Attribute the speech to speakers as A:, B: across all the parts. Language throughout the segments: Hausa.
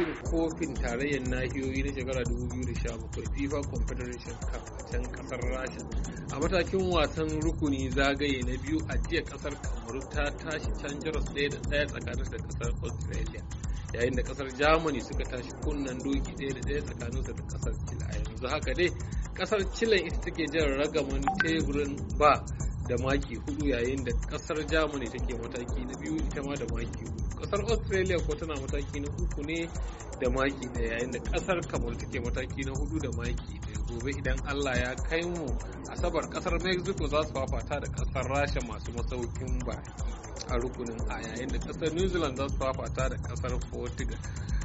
A: cin kofin tarayyar nahiyoyi na shekara 2017 fifa confederation cup a can kasar rasha a matakin wasan rukuni zagaye na biyu a jiya kasar kamaru ta tashi can jaras ɗaya da ɗaya tsakanin da kasar australia yayin da kasar germany suka tashi kunnen doki ɗaya da ɗaya tsakanin da kasar chile a yanzu haka dai kasar chile ita take jan ragaman teburin ba da maki hudu yayin da kasar germany take mataki na biyu ita ma da maki hudu kasar australia ko tana mataki na uku ne da maki daya yayin da kasar kamar take mataki na hudu da maki da gobe idan allah ya kai mu asabar kasar mexico za su fafata da kasar rasha masu masaukin ba a rukunin a yayin da kasar new zealand za su fafata da kasar portugal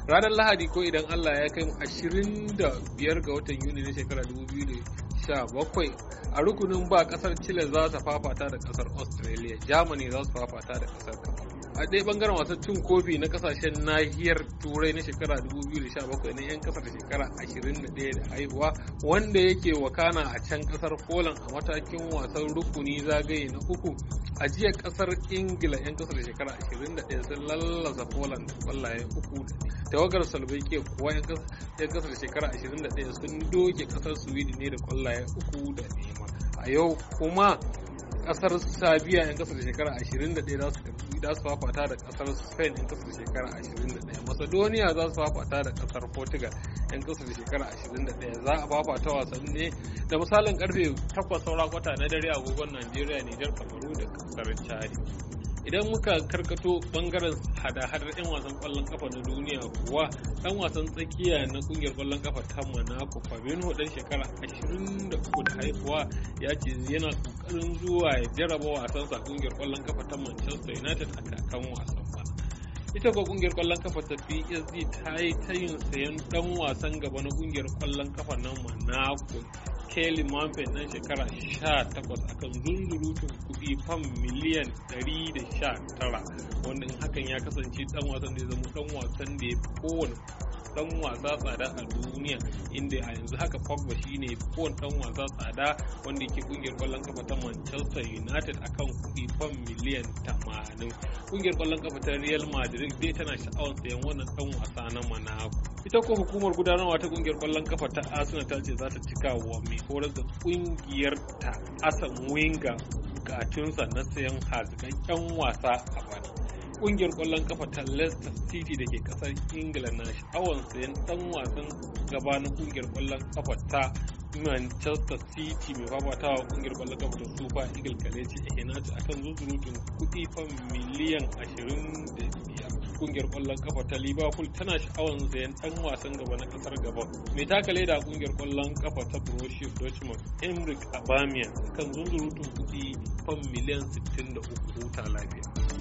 A: ranar lahadi ko idan allah ya kai mu 25 ga watan yuni na shekarar 2017 a rukunin ba kasar chile za ta fafata da kasar australia germany za su fafata da kasar a ɗaya bangaren wasan cin kofi na kasashen nahiyar turai na shekara 2017 na 'yan kasar shekara 21 da haihuwa wanda yake wakana a can kasar poland a matakin wasan rukuni zagaye na uku a jiya kasar ingila 'yan kasar shekara 21 sun lallasa poland kwallaye uku tawagar slovakia kuwa 'yan kasar shekara 21 sun doke kasar sweden ne da kwallaye uku da nema a yau kuma kasar sabiya 'yan kasar shekara 21 za su biyu za su fafata da kasar spain yan kasa da shekara 21 macedonia za su fafata da kasar portugal yan kasa da shekara 21 za a fafata wasanni ne da misalin karfe 8 saura kwata na dare agogon nigeria nijar kamaru da kasar chari idan muka karkato bangaren hada-hadar 'yan wasan kwallon kafa na duniya kuwa dan wasan tsakiya na kungiyar kwallon kafa ta monaco fabinho dan shekara 23 da haifuwa ya ce yana kokarin zuwa ya jaraba wasansa kungiyar kwallon kafa ta manchester united a kakan wasan ita ko kungiyar kwallon kafa ta PSG ta yi ta yin sayan dan wasan gaba na kungiyar kwallon kafa na Monaco Kelly Mampin nan shekara 18 akan zunzurutun kuɗi fam miliyan 119 wanda in hakan ya kasance dan wasan da ya zama dan wasan da ya fi kowane dan wasa tsada a duniya inda a yanzu haka Pogba shine kowane dan wasa tsada wanda yake kungiyar kwallon kafa ta Manchester United akan kuɗi fam miliyan 80 kungiyar kwallon kafa ta Real Madrid dai tana sha'awar sayan wannan dan wasa na Monaco ita ko hukumar gudanarwa ta kungiyar kwallon kafa ta Arsenal ta ce za ta cika wa mai horar da kungiyar ta Asan Wenger bukatunsa na sayan hazikakken wasa a bana kungiyar kwallon kafa ta Leicester City da ke kasar Ingila na sha'awar sayan dan wasan gaba na kungiyar kwallon kafa ta Manchester City mai wa kungiyar kwallon kafa ta Super Eagles Kalechi a akan zuzurutun kuɗi fam miliyan 25 kungiyar kwallon kafa ta Liverpool tana sha'awar sayan dan wasan gaba na kasar Gabon mai taka leda kungiyar kwallon kafa ta Borussia Dortmund Emric Aubameyang kan zuzurutun kuɗi fam miliyan 63 huta lafiya